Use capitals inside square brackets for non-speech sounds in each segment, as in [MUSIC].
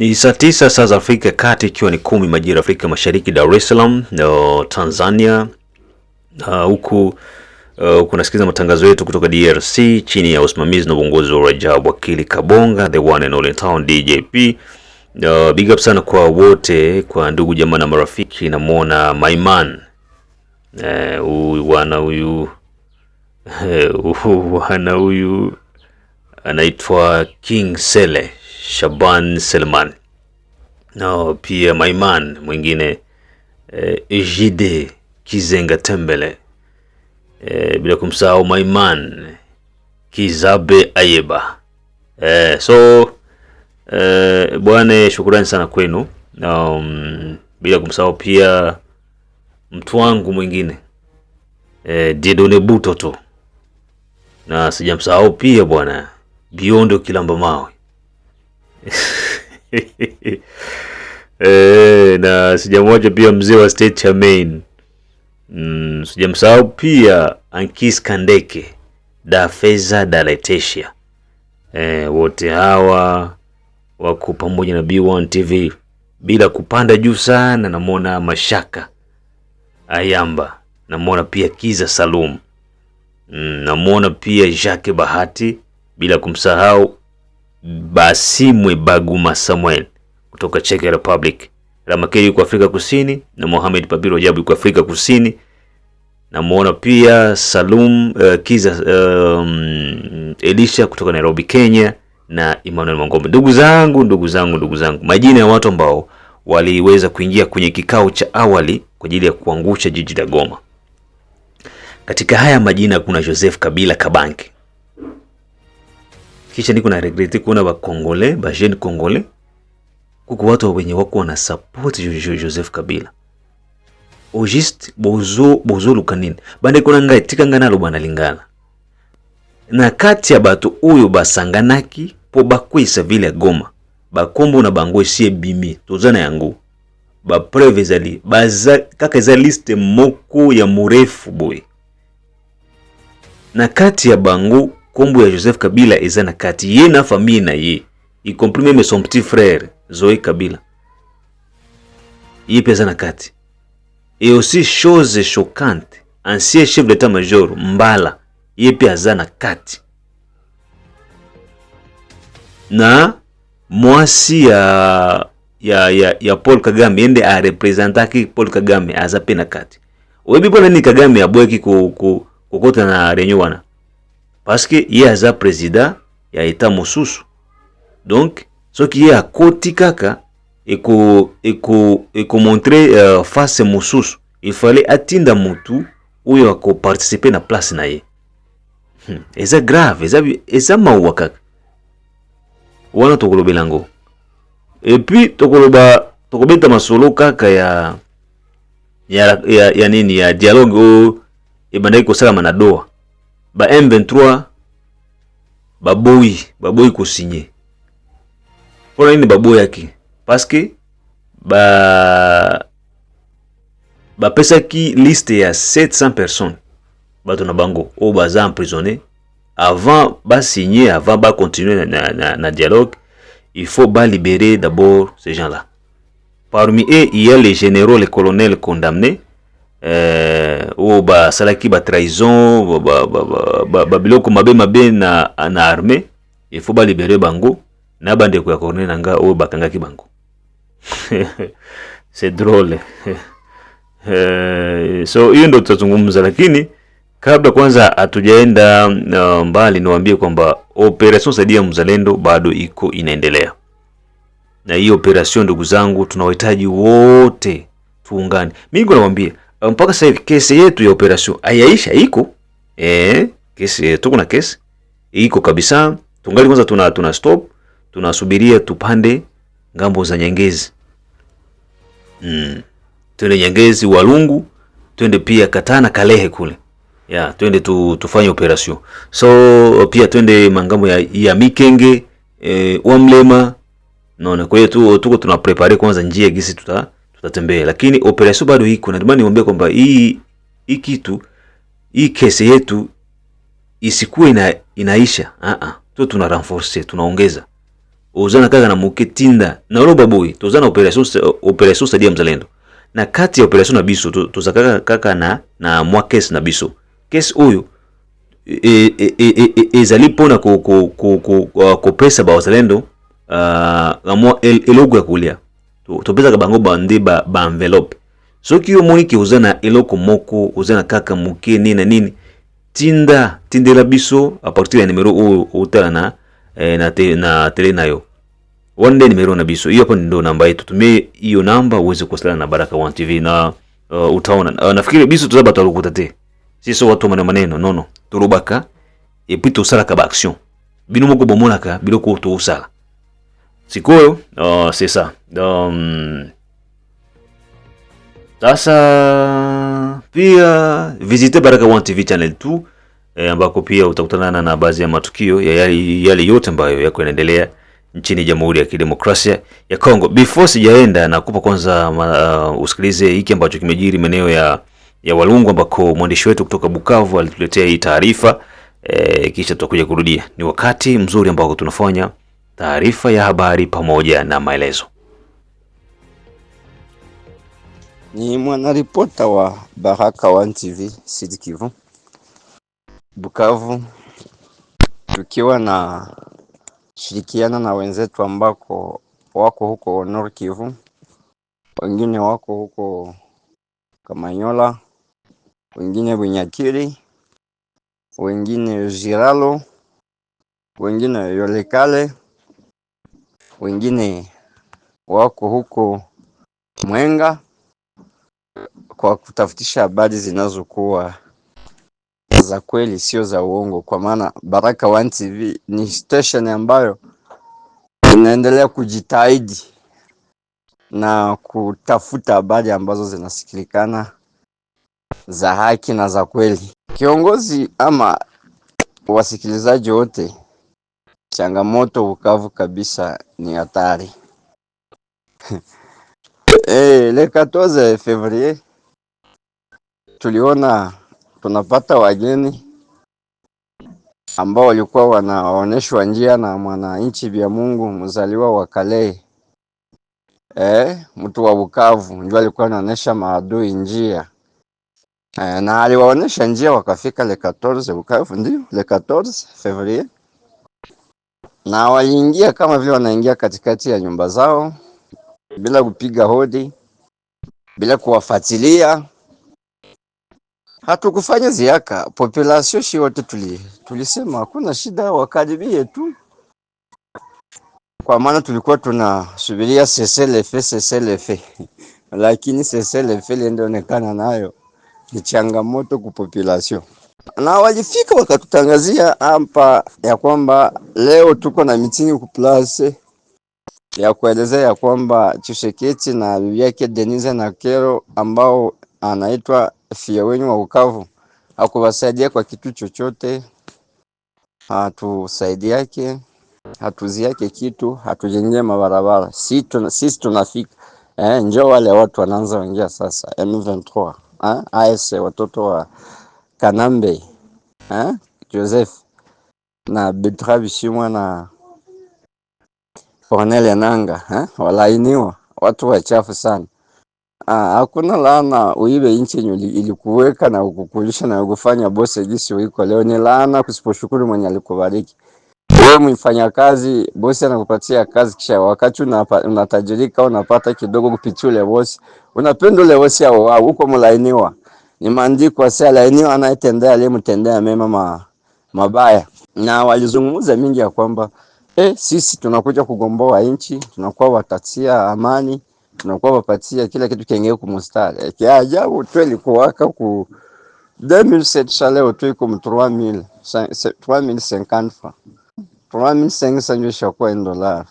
Ni saa tisa saa za Afrika ya Kati, ikiwa ni kumi majira Afrika Mashariki, Dar es Salaam Tanzania huku uh, uh, kunasikiliza matangazo yetu kutoka DRC chini ya usimamizi na uongozi wa Rajab Wakili Kabonga, the one and only town DJP. Uh, big up sana kwa wote, kwa ndugu jamaa na marafiki. Namwona Maiman eh, wana huyu uh, [LAUGHS] wana huyu anaitwa King Sele Shaban Selman no, pia Maiman mwingine e, eh, Jide Kizenga Tembele e, bila kumsahau Maiman Kizabe Ayeba e, so e, bwana, shukrani sana kwenu um, bila kumsahau pia mtu wangu mwingine e, Didone Butoto na sijamsahau pia bwana Biondo Kilamba Mawe [LAUGHS] E, na sijamwacha pia mzee wa State cha Maine mm, sijamsahau pia Ankis Kandeke da Feza da Letetia e, eh, wote hawa wako pamoja na B1 TV. Bila kupanda juu sana, namwona Mashaka Ayamba, namwona pia Kiza Salum mm, namwona pia Jacques Bahati, bila kumsahau Basimwe Baguma Samuel kutoka Czech Republic, Ramakeri yuko Afrika Kusini na Mohamed Pabiro wajabu yuko Afrika Kusini. Namuona pia Salum uh, Kiza um, Elisha kutoka Nairobi Kenya na Emmanuel Mangombe. Ndugu zangu, ndugu zangu, ndugu zangu, majina ya watu ambao waliweza kuingia kwenye kikao cha awali kwa ajili ya kuangusha jiji la Goma. Katika haya majina kuna Joseph Kabila Kabange kisha niko na regrete kuona ba Congolais, ba jeune Congolais kuko watu wenye wako wana support Joseph Kabila. O just bozo bozo lukanini. Bande kuna ngai tikanga nalo bana lingana. Na kati ya batu uyo basanganaki po bakwisa vile ya Goma. Bakombo na bango sie bimi tozana yango. Ba preve zali baza kaka eza liste moko ya murefu boy. Na kati ya bango kombo ya Joseph Kabila eza na kati ye na famille na ye y compris même son petit frère Zoe Kabila ye peza na kati et aussi chose choquante ancien chef d'état major Mbala ye pe aza na kati na mwasi ya ya ya, ya Paul Kagame ende arepresentaki Paul Kagame aza pe na kati oyebi mpona ni Kagame aboyaki kokota na renyo wana parce ye aza president ya eta mosusu donc soki ye akoti kaka eko eko uh, face mosusu il fallait atinda motu oyo akoparticipe na place na ye hmm. eza grave eza, eza mauwa kaka wana tokolobela ngo epuis tokoloba tokobeta masolo kaka ya ya, ya, ya nini ya dialogue oyo ebandaki kosalama na doa M23 baboyi baboyi kosinye que, nini baboyaki paske ba bapesaki liste ya 700 personnes bato na bango oyo baza emprisonné avant signer, avant le continuer na, dialogue il faut libérer d'abord ces gens là parmi eux il y a les généraux les colonels condamnés Eh, oyo oh, basalaki batrahison babiloko mabe mabe na, na arme ifo balibere bango na bandeko ya corne na nga oyo oh, bakangaki bango [LAUGHS] c'est drôle [LAUGHS] eh, so hiyo ndo tutazungumza lakini kabla kwanza hatujaenda uh, mbali niwaambie kwamba operation saidia mzalendo bado iko inaendelea na hii operation ndugu zangu tunawahitaji wote tuungane mingi nawambia Eh, mpaka sasa hivi kesi yetu ya operation haiyaisha, iko eh, kesi yetu, eh, kuna kesi iko kabisa. Tungali kwanza tuna tuna stop, tunasubiria tupande ngambo za Nyangezi mm. Twende Nyangezi, Walungu, twende pia Katana, Kalehe kule ya yeah, twende tu, tufanye operation so pia twende mangambo ya, ya Mikenge eh, wa Mlema naona. Kwa hiyo tu tuko tunaprepare kwanza njia gisi tuta tutatembea, lakini operation bado iko. Ndio maana niombe kwamba hii hii kitu hii kesi yetu isikuwe ina, inaisha a a tu, tuna renforce tunaongeza uzana kaka na muketinda na roba boy tuzana operation operation ya Mzalendo na kati ya operation na biso tuzakaka kaka na na mwa kesi na biso kesi huyu e, e, e, e, ezali mpona kopesa ko, ko, ko, ko, ko bawazalendo uh, elogo ya kolia topesaka bango bande ba, ba enveloppe soki yo moniki oza na eloko moko oza na kaka moke nini na nini tinda tindela biso a partir ya numero oyo otala na, eh, na, te, na tele na yo wana nde numero na biso hiyo hapa ndo namba yetu tumie hiyo namba uweze kuwasiliana na Baraka One TV na uh, utaona uh, nafikiri biso tuza bato lokuta te siso watu maneno maneno nono tolobaka epuis tosalaka ba action bino moko bomonaka biloko tosala Siguro, oh, c'est ça. Um, sasa pia visite Baraka One TV channel 2 e, eh, ambako pia utakutanana na baadhi ya matukio ya yale, yale yote ambayo yako yanaendelea nchini Jamhuri ya Kidemokrasia ya Kongo. Before sijaenda nakupa kwanza uh, usikilize hiki ambacho kimejiri maeneo ya ya Walungu ambako mwandishi wetu kutoka Bukavu alituletea hii taarifa e, kisha tutakuja kurudia. Ni wakati mzuri ambao tunafanya taarifa ya habari pamoja na maelezo. Ni mwanaripota wa Baraka One TV Sud Kivu, Bukavu, tukiwa na shirikiana na wenzetu ambako wako huko nor Kivu, wengine wako huko Kamanyola, wengine Bunyakiri, wengine Jiralo, wengine Yolekale wengine wako huko Mwenga kwa kutafutisha habari zinazokuwa za kweli, sio za uongo, kwa maana Baraka One TV ni station ambayo inaendelea kujitahidi na kutafuta habari ambazo zinasikilikana za haki na za kweli. Kiongozi ama wasikilizaji wote Changamoto ukavu kabisa ni hatari [LAUGHS] eh. Le 14 Fevrier tuliona tunapata wageni ambao walikuwa wanaonyeshwa njia na mwananchi vya Mungu mzaliwa wa Kalei eh, mtu wa Bukavu ndio alikuwa anaonyesha maadui njia eh, na aliwaonyesha njia wakafika le 14 Bukavu, ndio le 14 Fevrier na waliingia kama vile wanaingia katikati ya nyumba zao bila kupiga hodi, bila kuwafuatilia. Hatukufanya ziaka population shi wote tuli, tulisema hakuna shida, wakaribie tu, kwa maana tulikuwa tunasubiria CCLF CCLF [LAUGHS] lakini ndio inaonekana nayo ni changamoto kupopulation na walifika wakatutangazia hapa ya kwamba leo tuko na mitingi kuplase ya kuelezea ya kwamba Tshisekedi na bibi yake Denise na Kero ambao anaitwa fia wenyu wa ukavu akuwasaidia kwa kitu chochote, hatusaidiake, hatuziake kitu, hatujengee mabarabara. sisi tunafika eh, wale watu wanaanza wengia sasa M23 eh, AS watoto wa Kanambe hein? Joseph na Bidra Shimwa na Cornel Enanga ha? Walainiwa watu wachafu sana. Ah, hakuna laana uibe nchi ilikuweka na ukukulisha na ukufanya bose jinsi uiko leo. Ni laana kusiposhukuru mwenye alikubariki. Wewe mfanya kazi, bosi anakupatia kazi, kisha wakati unatajirika unapata kidogo kupitia ule bosi. Unapenda ule bosi au uko mlainiwa? ni maandiko hasa, lakini anayetendea aliyemtendea mema ma, mabaya. Na walizungumza mingi ya kwamba eh, sisi tunakuja kugomboa nchi, tunakuwa watatia amani, tunakuwa wapatia kila kitu kengee kumustari. Eh, ajabu tu ilikuwaka ku 2007 tu iko 3000 3050 francs 3500 ishakuwa dola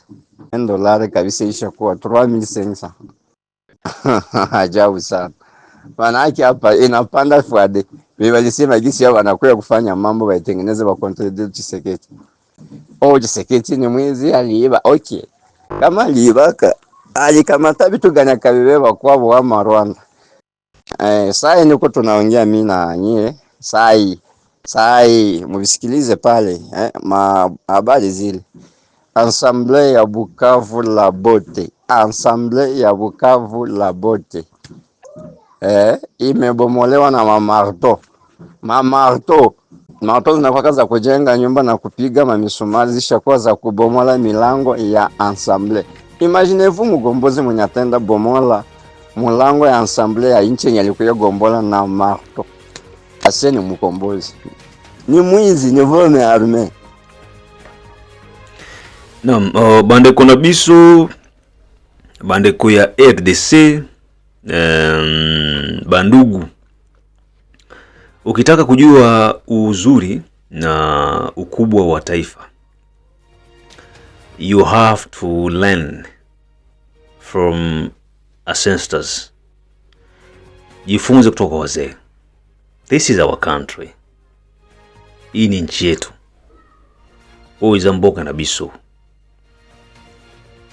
dola kabisa, ishakuwa 3500 [LAUGHS] ajabu sana. Wanawake hapa inapanda fwade. Mimi walisema jinsi yao wanakuwa kufanya mambo waitengeneze wa control Tshisekedi. Oh, Tshisekedi ni mwizi aliiba. Okay. Kama aliiba alikamata vitu gani akabeba kwao wa Rwanda. Eh, sai niko tunaongea mimi na nyie. Sai. Sai mvisikilize pale eh, habari zile. Ensemble ya Bukavu la bote. Ensemble ya Bukavu la bote eh, imebomolewa na mamarto. Mamarto, mamarto zinakuwa za kujenga nyumba na kupiga mamisumari, zishakuwa za kubomola milango ya ensemble. Imagine vu mgombozi mwenye atenda bomola mulango ya ensemble ya inchi yenye alikuya gombola na marto. Ase ni ni mwizi, ni vome arme. Naam, uh, oh, bandeko na biso bandeko ya RDC um, bandugu, ukitaka kujua uzuri na ukubwa wa taifa you have to learn from ancestors, jifunze kutoka wazee. This is our country, hii ni nchi yetu oizamboka na Bisu,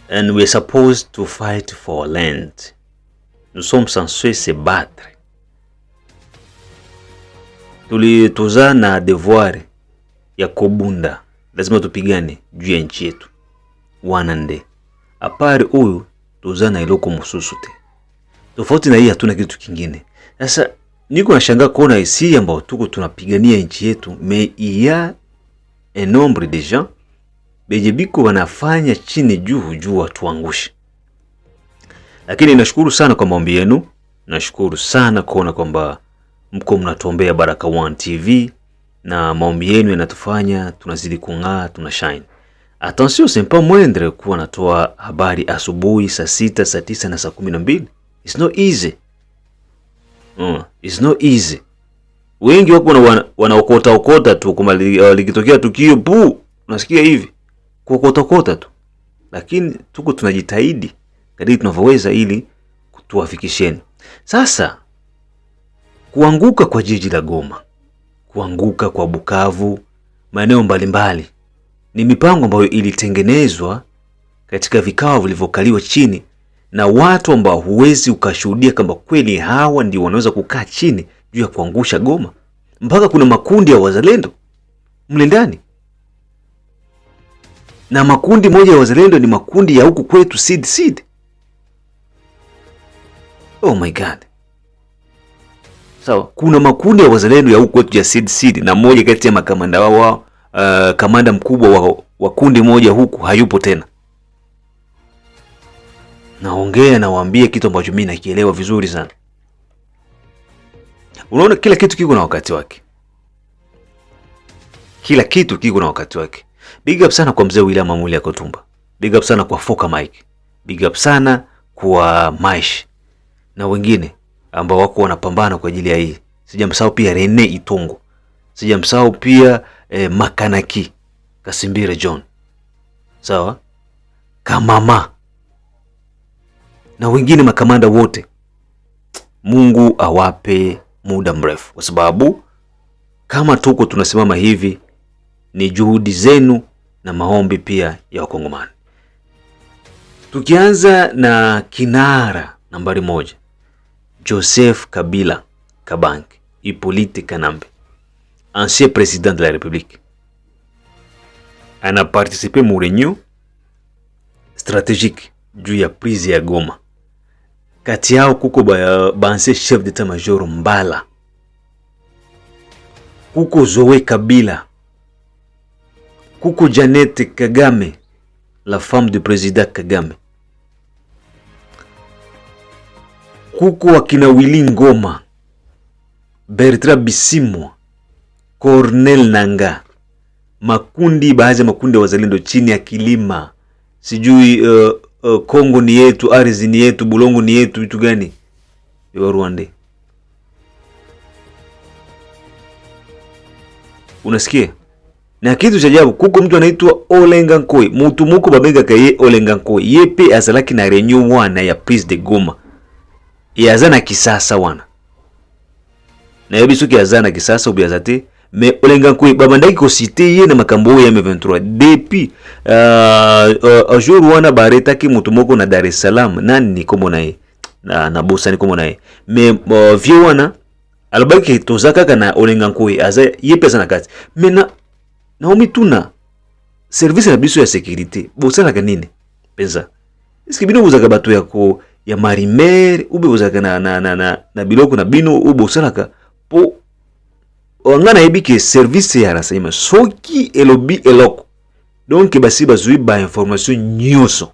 and we are supposed to fight for land Nous sommes censés se battre. na devoir ya kobunda, lazima tupigane juu ya nchi yetu wanande. Apari huyu na iloko mususu te, tofauti na hii hatuna kitu kingine. Sasa niko nashangaa kuona isi ambao tuko tunapigania nchi yetu, me iya un nombre de gens bejebiko biko wanafanya chini juu juu watuangushe lakini nashukuru sana kwa maombi yenu, nashukuru sana kuona kwamba mko mnatuombea Baraka One TV na maombi yenu yanatufanya tunazidi kung'aa, tuna shine. Attention, c'est pas moindre kuwa natoa habari asubuhi saa sita, saa tisa na saa kumi na mbili. It's not easy. Mm, it's not easy. Wengi wako wana, wanaokota okota tu kama uh, likitokea tukio pu, unasikia hivi kuokota okota tu, lakini tuko tunajitahidi kadiri tunavyoweza ili tuwafikisheni. Sasa kuanguka kwa jiji la Goma, kuanguka kwa Bukavu, maeneo mbalimbali ni mipango ambayo ilitengenezwa katika vikao vilivyokaliwa chini na watu ambao huwezi ukashuhudia kama kweli hawa ndio wanaweza kukaa chini juu ya kuangusha Goma. Mpaka kuna makundi ya wazalendo mle ndani, na makundi moja ya wazalendo ni makundi ya huku kwetu seed seed Oh my God. Sawa, so, kuna makundi ya wazalendo ya huku kwetu ya seed seed, na mmoja kati ya makamanda wao wa, uh, kamanda mkubwa wa, wa kundi moja huku hayupo tena. Naongea nawaambie kitu ambacho mimi nakielewa vizuri sana. Unaona, kila kitu kiko na wakati wake, kila kitu kiko na wakati wake. Big up sana kwa mzee William Amuli Katumba, big up sana kwa Foka Mike, big up sana kwa Maish, na wengine ambao wako wanapambana kwa ajili ya hii. Sijamsahau pia Rene Itongo, sijamsahau pia eh, Makanaki Kasimbire John, sawa Kamama na wengine makamanda wote. Mungu awape muda mrefu, kwa sababu kama tuko tunasimama hivi ni juhudi zenu na maombi pia ya Wakongomani. Tukianza na kinara nambari moja Joseph Kabila Kabange, Hippolyte Kanambe, ancien président de la République, ana participé mu reunion stratégique du ya prise ya Goma. Kati yao kuko banse ba chef d'état major Mbala, kuko Zoe Kabila, kuko Janet Kagame, la femme du président Kagame. kuko wakina Willy Ngoma, Bertrand Bisimwa, Cornel Nanga, makundi baadhi ya makundi ya wazalendo chini ya kilima sijui uh, uh, Kongo ni yetu, ardhi ni yetu, Bulongo ni yetu, vitu gani wa Rwanda. Unasikia? Na kitu cha ajabu kuko mtu anaitwa Olenga Nkoi, mtu muko babega kaye Olenga Nkoi. Yepe azalaki na Renew One ya Prince de Goma na kisasa wana nayo soki aza na kisasa obi aza te mais olenga nkoi babandaki kosite ye na makambo oyo ya M23 depuis euh, uh, uh, jour wana baretaki moto moko na Dar es Salaam nani kombo na ye na, na bosani kombo na ye mais uh, vieux wana alobaki toza kaka na olenga nkoi aza ye mpe na kati mais na naomituna service na biso ya sécurité bosalaka nini mpenza eske bino bozaka bato ya ko ya marimere ube bozalaka na, na, na, na, na biloko na bino oyo bosalaka mpo nga nayebi ke service ya renseignement soki elobi eloko donk basi bazwi bainformation nyonso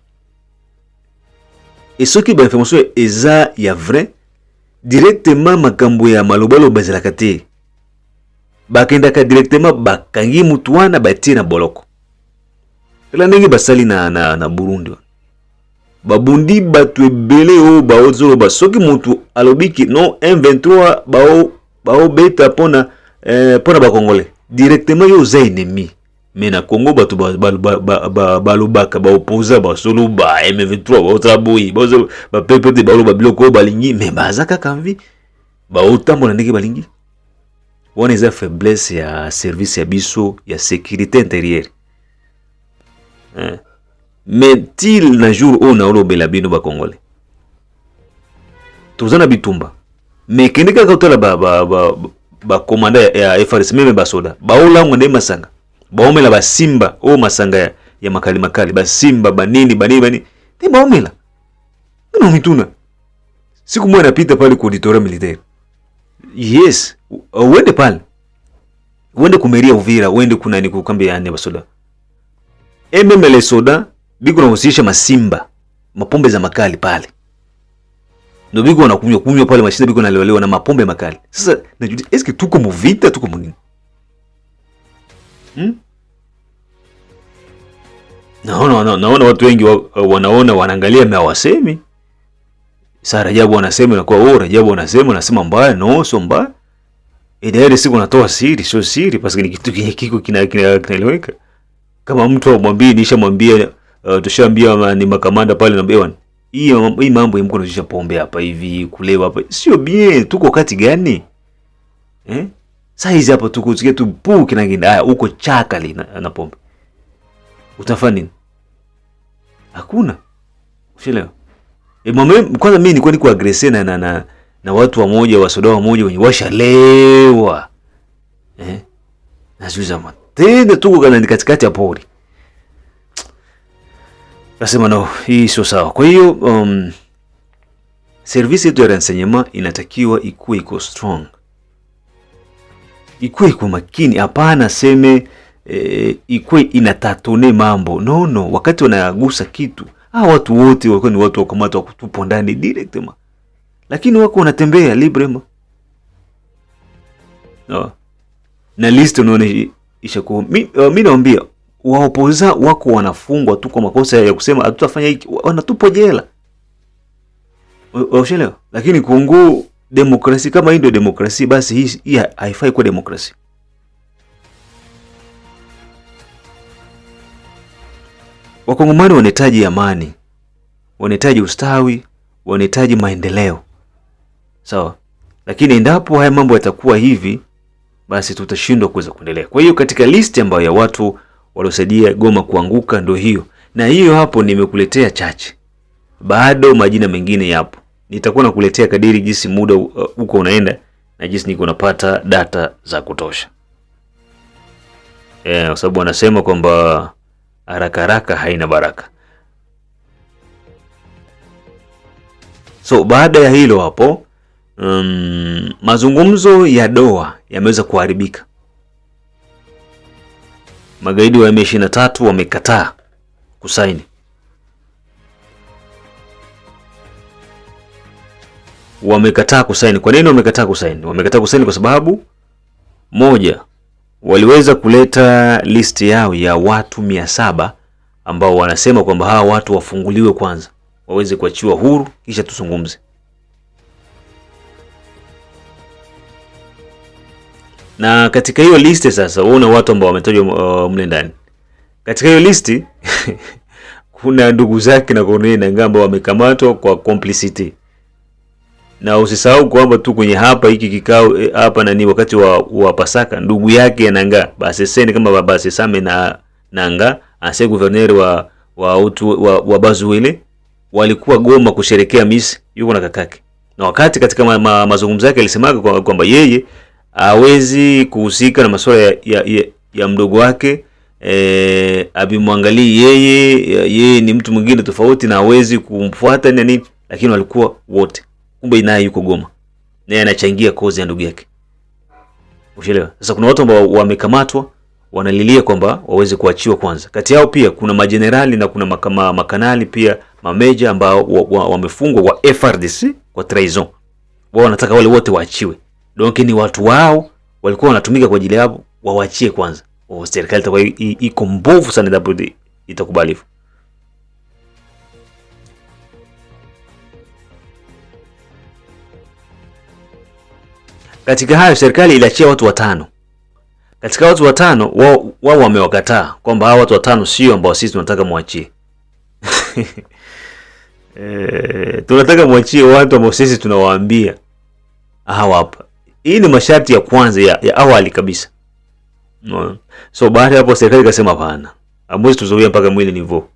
e soki bainformation eza ya vrai directement makambo ya malobaloba ezalaka te bakendaka directement bakangi mutu wana batie na boloko tala ndenge basali na, na, na burundi wa babundi bato ebele oyo baozoloba soki motu alobi ke non m23 baobeta bao mpona eh, mpona bakongole directement yo oza ennemi me na congo bato balobaka baopoza bazoloba m23 baozala boyi bapepete baloba biloko oyo balingi me baza kaka mvi baotambola ndenge balingi wana eza faiblesse ya service ya biso ya sécurité intérieure eh. mais til na jour oyo naolobela bino bakongole toza na bitumba me kende kaka otala bakomanda ba, ba, ba ya FARDC meme basoda baolangwa nde masanga baomela basimba oyo masanga ya, ya makali makali basimba banini banini banini nde baomela mino mituna siku moja napita pale ku auditoria militaire yes uende pale uende kumeria Uvira uende kunani kukambi ya nne basoda ememele soda Biko unahusisha masimba, mapombe za makali pale. Ndio biko wanakunywa kunywa pale mashinda biko nalewalewa na mapombe makali. Sasa najuti eske tuko muvita tuko munini? Hmm? Naona no, naona watu wengi wanaona wanaangalia na wasemi. Sasa Rajabu anasema na kwa wewe oh, Rajabu anasema anasema mbaya no sio mbaya. Eh, Ile siku natoa siri sio siri, paske ni kitu kiko kinaeleweka. Kina, kina, kina kama mtu amwambie nishamwambia uh, eh, tushaambia ni makamanda pale na bewan hii hii mambo hii, mko pombe hapa hivi kulewa hapa, sio bie. Tuko wakati gani eh? sasa hizi hapa tuko tuke tu puu kina kinda. Haya, uko chakali na, na pombe utafanya nini? Hakuna ushelewa. E, eh, mama kwanza, mimi nilikuwa niko aggressive na na, na na watu wa moja wa soda moja wenye washalewa eh, na najuza tena tuko kana katikati ya pori nasema no, hii sio sawa. Kwa hiyo um, servisi yetu ya rensenyema inatakiwa ikuwe iko strong, ikuwe iko makini. Hapana seme e, eh, ikuwe inatatone mambo no, no. Wakati wanagusa kitu ah, watu wote walikuwa ni watu wakamata wa kutupwa ndani ma, lakini wako wanatembea ma no. na list unaona ishakuwa mi, uh, mi naambia waopoza wako wanafungwa tu kwa makosa ya kusema hatutafanya hiki, wanatupwa jela. Ushelewa? Lakini Kongo demokrasi kama hii ndio demokrasi, basi hii haifai kuwa demokrasi. Wakongomani wanahitaji amani, wanahitaji ustawi, wanahitaji maendeleo, sawa. Lakini endapo haya mambo yatakuwa hivi, basi tutashindwa kuweza kuendelea. Kwa hiyo katika listi ambayo ya watu waliosaidia Goma kuanguka ndio hiyo, na hiyo hapo nimekuletea chache, bado majina mengine yapo. Nitakuwa nakuletea kadiri jinsi muda uh, uko unaenda na jinsi niko napata data za kutosha, eh, kwa yeah, sababu wanasema kwamba haraka haraka haina baraka. So baada ya hilo hapo, um, mazungumzo ya Doha yameweza kuharibika Magaidi wa M23 wamekataa kusaini. Wamekataa kusaini. Kwa nini wamekataa kusaini? Wamekataa kusaini kwa sababu moja, waliweza kuleta listi yao ya watu mia saba ambao wanasema kwamba hawa watu wafunguliwe kwanza waweze kuachiwa huru, kisha tuzungumze. Na katika hiyo listi sasa, una watu ambao wametajwa uh, mle ndani. Katika hiyo listi [LAUGHS] kuna ndugu zake na kuna na ngamba wamekamatwa kwa complicity. Na usisahau kwamba tu kwenye hapa hiki kikao eh, hapa nani wakati wa, wa Pasaka ndugu yake Nangaa Baseseni kama baba Sesame na Nangaa ase governor wa wa utu, wa, wa Bazuwele walikuwa Goma kusherekea Miss yuko na kakake. Na wakati katika ma, ma, mazungumzo yake alisemaga kwamba kwa yeye hawezi kuhusika na masuala ya, ya, ya, ya mdogo wake e, abimwangalii yeye, yeye ni mtu mwingine tofauti na hawezi kumfuata na nini, lakini walikuwa wote. Kumbe naye yuko Goma, naye anachangia kozi ya ndugu yake, ushelewa? Sasa kuna watu ambao wamekamatwa wanalilia kwamba waweze kuachiwa kwanza. Kati yao pia kuna majenerali na kuna makama, makanali pia mameja ambao wamefungwa wa, wa, wa FRDC kwa treason, wao wanataka wale wote waachiwe donc ni watu wao walikuwa wanatumika kwa ajili yao, wawachie kwanza. O, oh, serikali itakuwa iko mbovu sana endapo itakubali hivyo. Katika hayo serikali iliachia watu watano. Katika watu watano wao wao wamewakataa kwamba hao watu watano sio ambao sisi tunataka mwachie. [LAUGHS] E, tunataka mwachie watu ambao sisi tunawaambia hawa hapa hii ni masharti ya kwanza ya, ya awali kabisa. So baada hapo serikali ikasema hapana. amwezi tuzoea mpaka mwili nivo.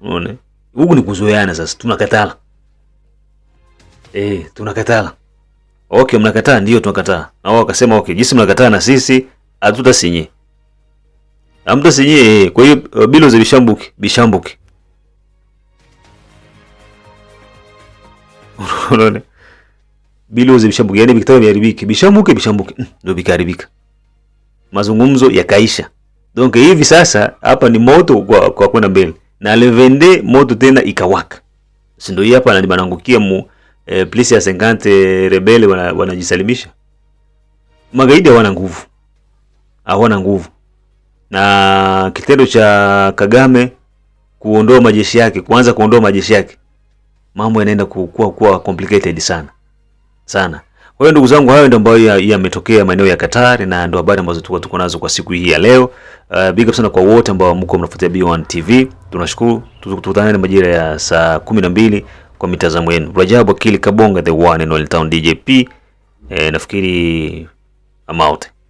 Unaona? Huku ni kuzoeana sasa, tunakatala. Eh, tunakatala. Okay, mnakataa ndio tunakataa. Na wao wakasema okay, jinsi mnakataa na sisi hatutasinye. Hamtasinye eh, eh. kwa hiyo eh, bilo zilishambuki, bishambuki. [LAUGHS] Unaona? Billows bishambuke, yani vikitaka viharibike, bishambuke bishambuke, mm, ndio vikaharibika, mazungumzo yakaisha. Donc hivi sasa hapa ni moto kwa, kwa kwenda mbele na levende moto tena ikawaka, si ndio? Hapa na banangukia mu eh, place ya 50 rebele wanajisalimisha, wana magaidi hawana nguvu, hawana nguvu. Na kitendo cha Kagame kuondoa majeshi yake, kuanza kuondoa majeshi yake, mambo yanaenda kuwa kuwa complicated sana sana. Kwa hiyo ndugu zangu, hayo ndio ambayo yametokea maeneo ya Katari na ndio habari ambazo tulikuwa tuko nazo kwa siku hii ya leo. Uh, big up sana kwa wote ambao mko mnafuatia B1 TV. Tunashukuru, tukutane majira ya saa 12 kwa mitazamo yenu. Rajabu Akili Kabonga, the one and only town DJP. Eh, nafikiri I'm out.